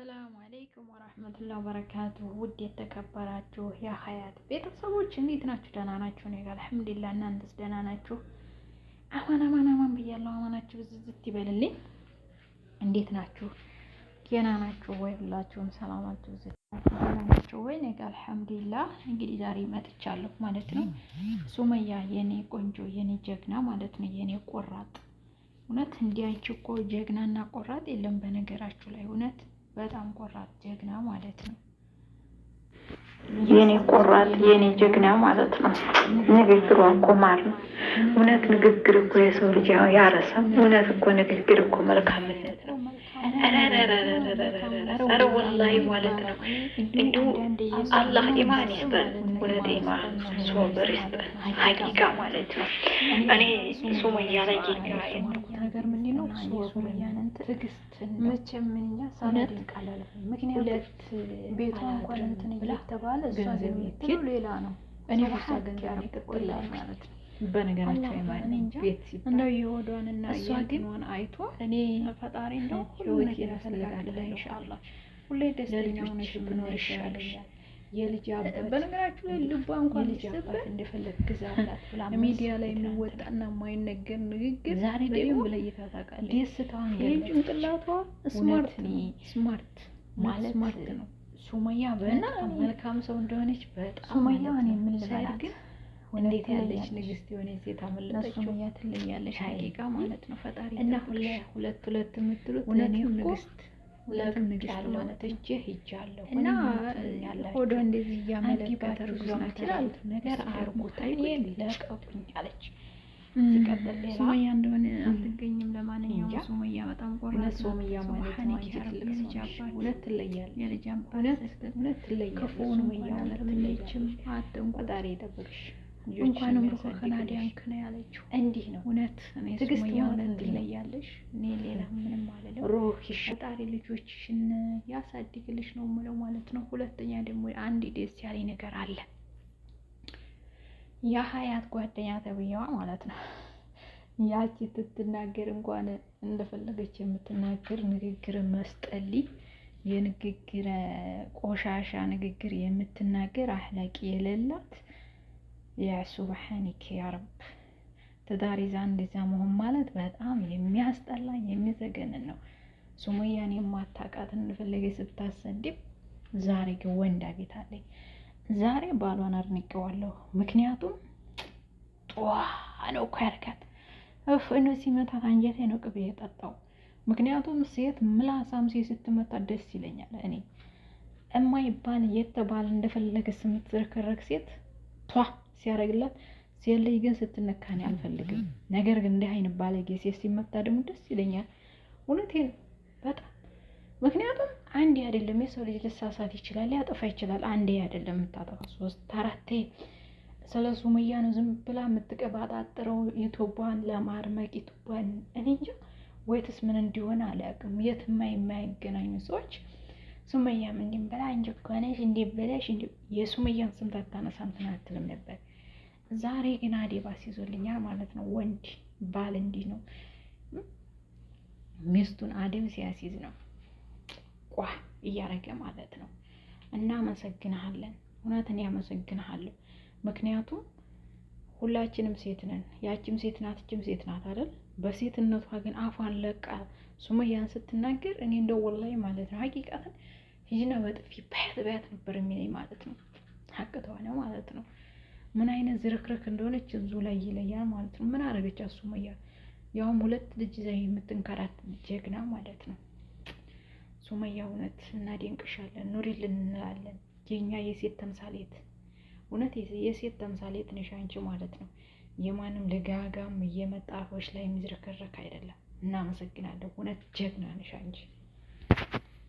አሰላሙ አለይኩም ወራህመቱላሂ ወበረካቱ። ውድ የተከበራችሁ የሀያት ቤተሰቦች እንዴት ናችሁ? ደህና ናችሁ? እኔ ጋር አልሐምዱሊላህ። እናንተስ ደህና ናችሁ? አማን አማን አማን ብያለሁ። አማናችሁ ብዝዝት ይበልልኝ። እንዴት ናችሁ? ገና ናችሁ ወይ? ሁላችሁም ሰላማችሁ ብዝት ናችሁ ወይ? እኔ ጋር አልሐምዱሊላህ። እንግዲህ ዛሬ መጥቻለሁ ማለት ነው። ሱመያ የኔ ቆንጆ የኔ ጀግና ማለት ነው የኔ ቆራጥ እውነት እንዲያች እኮ ጀግናና ቆራጥ የለም። በነገራችሁ ላይ እውነት በጣም ቆራጥ ጀግና ማለት ነው። የኔ ቆራጥ የኔ ጀግና ማለት ነው። ንግግሩ ቁማር ነው። እውነት ንግግር እኮ የሰው ልጅ ያረሳም። እውነት እኮ ንግግር እኮ መልካምነት ነው። ኧረ ወላሂ ማለት ነው። እንዲሁ አላህ ኢማን ይስጠን፣ እውነት ኢማን ሶብር ይስጠን። ሀቂቃ ማለት ነው። እኔ ሱመያ ላይ ነገር ምንድን ነው ትዕግስትን መቼም እኛ ቤቷ እንኳን እንትን እየተባለ እሷ ሌላ ነው። እኔ ብቻ ገንዘብ ማለት ነው። እንደው አይቶ እኔ ፈጣሪ እንደው ሁሉ ነገር ያስፈልጋል። ሁሌ ደስተኛ ሆነሽ ብኖር ይሻልሻል። የልጅ አባት በነገራችሁ ላይ ልቧ እንኳን ልጅ አባት እንደፈለግ ግዛላት ብላ ሚዲያ ላይ የሚወጣና የማይነገር ንግግር ዛሬ ደግሞ ለይታ ታውቃለች። ደስታዋን ይህም ጭንቅላቷ ስማርት ስማርት ማለት ስማርት ነው። ሱመያ በጣም መልካም ሰው እንደሆነች በጣም ሱመያ እኔ ምን ልበላት ግን እንዴት ያለች ንግስት የሆነ ሴት አመለጠችው። ሱመያ ትለኛለች ሀቂቃ ማለት ነው ፈጣሪ እና ሁለት ሁለት የምትሉት እኔ ንግስት ሁለቱም ንግስት ማለት እጅ ሄጃለሁ እና ሆዶ እንደዚህ እያመለከተ እርጉዝ ናት ይላል። ነገር አርጉታኝ ለቀቁኝ አለች። ሲቀጥል ሌላ ሱመያ እንደሆነ አትገኝም። ለማንኛውም ሱመያ በጣም ቆራጥ ሱመያ ማለት ነው። ሁለት ትለያለች፣ የልጅ አባት ሁለት ትለያለች። ክፉውን ሱመያ ሁለት ትለያለች። ፈጣሪ ይጠብቅሽ። እንኳንም ሩህ ከናዲያን ክነ ያለችው እንዲህ ነው። እውነት ትግስት ነው ይለያለሽ። እኔ ሌላ ምንም አልለው። ሩህ ፈጣሪ ልጆችሽን ያሳድግልሽ ነው ምለው ማለት ነው። ሁለተኛ ደግሞ አንድ ደስ ያለ ነገር አለ። የሀያት ጓደኛ ተብዬዋ ማለት ነው። ያቺ ትትናገር እንኳን እንደፈለገች የምትናገር ንግግር መስጠልኝ የንግግር ቆሻሻ ንግግር የምትናገር አህላቂ የሌላት የሱብሓኒክ ያ ረብ ትዳር ይዛ እንደዛ መሆን ማለት በጣም የሚያስጠላ የሚዘገንን ነው። ሱሙያን የማታውቃት እንፈልግ ስታሰድብ፣ ዛሬ ግን ቤት አግኝታለች። ዛሬ ባሏን አድንቀዋለሁ። ምክንያቱም ጧ ነው እኮ ያልካት እፍ እነ ሲመታት አንጀቴ ነው ቅቤ የጠጣው። ምክንያቱም ሴት ምላሳም ሴት ስትመታ ደስ ይለኛል። እኔ እማይባል የተባለ እንደፈለገ ስምትዝረከረክ ሴት ቷ ሲያደርግላት ሴት ልጅ ግን ስትነካኔ አልፈልግም። ነገር ግን እንዲህ አይነት ባለጌ ሴት ሲመታ ደግሞ ደስ ይለኛል። እውነቴ ነው በጣም ምክንያቱም አንዴ አይደለም የሰው ልጅ ልሳሳት ይችላል፣ ሊያጠፋ ይችላል። አንዴ አይደለም የምታጠፋ ሶስት አራቴ። ስለ ሱመያ ነው ዝም ብላ የምትቀባጣጥረው የቶቧን ለማርመቅ የቶቧን እኔ እንጃ ወይትስ ምን እንዲሆን አላውቅም። የትማ የማይገናኙ ሰዎች ሱመያም እንዲህ ብላ እንጀኮነሽ እንዲህ ብለሽ የሱመያን ስም ታታነሳም ትናትልም ነበር ዛሬ ኢናዲ ባስ ይዞልኛል ማለት ነው። ወንድ ባል እንዲህ ነው፣ ሚስቱን አደብ ሲያሲዝ ነው ቋ እያረገ ማለት ነው። እናመሰግንሃለን፣ እውነት እኔ አመሰግንሃለሁ። ምክንያቱም ሁላችንም ሴት ነን። ያችም ሴት ናት፣ እችም ሴት ናት አይደል? በሴትነቷ ግን አፏን ለቃ ሱመያን ስትናገር እኔ እንደ ወላይ ማለት ነው ሀቂቃትን ሂጂና በጥፊ ባያት ባያት ነበር የሚለኝ ማለት ነው። ሀቅ ተሆነ ማለት ነው። ምን አይነት ዝርክርክ እንደሆነች እዙ ላይ ይለያል ማለት ነው። ምን አረገች ሱመያ? ያውም ሁለት ልጅ ይዛ የምትንከራት ጀግና ማለት ነው። ሱመያ እውነት እናደንቅሻለን፣ ኑሪልን እንላለን። የኛ የሴት ተምሳሌት እውነት የሴት ተምሳሌት ነሽ አንቺ ማለት ነው። የማንም ልጋጋም እየመጣ ላይ የሚዝረከረክ አይደለም። እናመሰግናለን። እውነት ጀግና ነሽ አንቺ።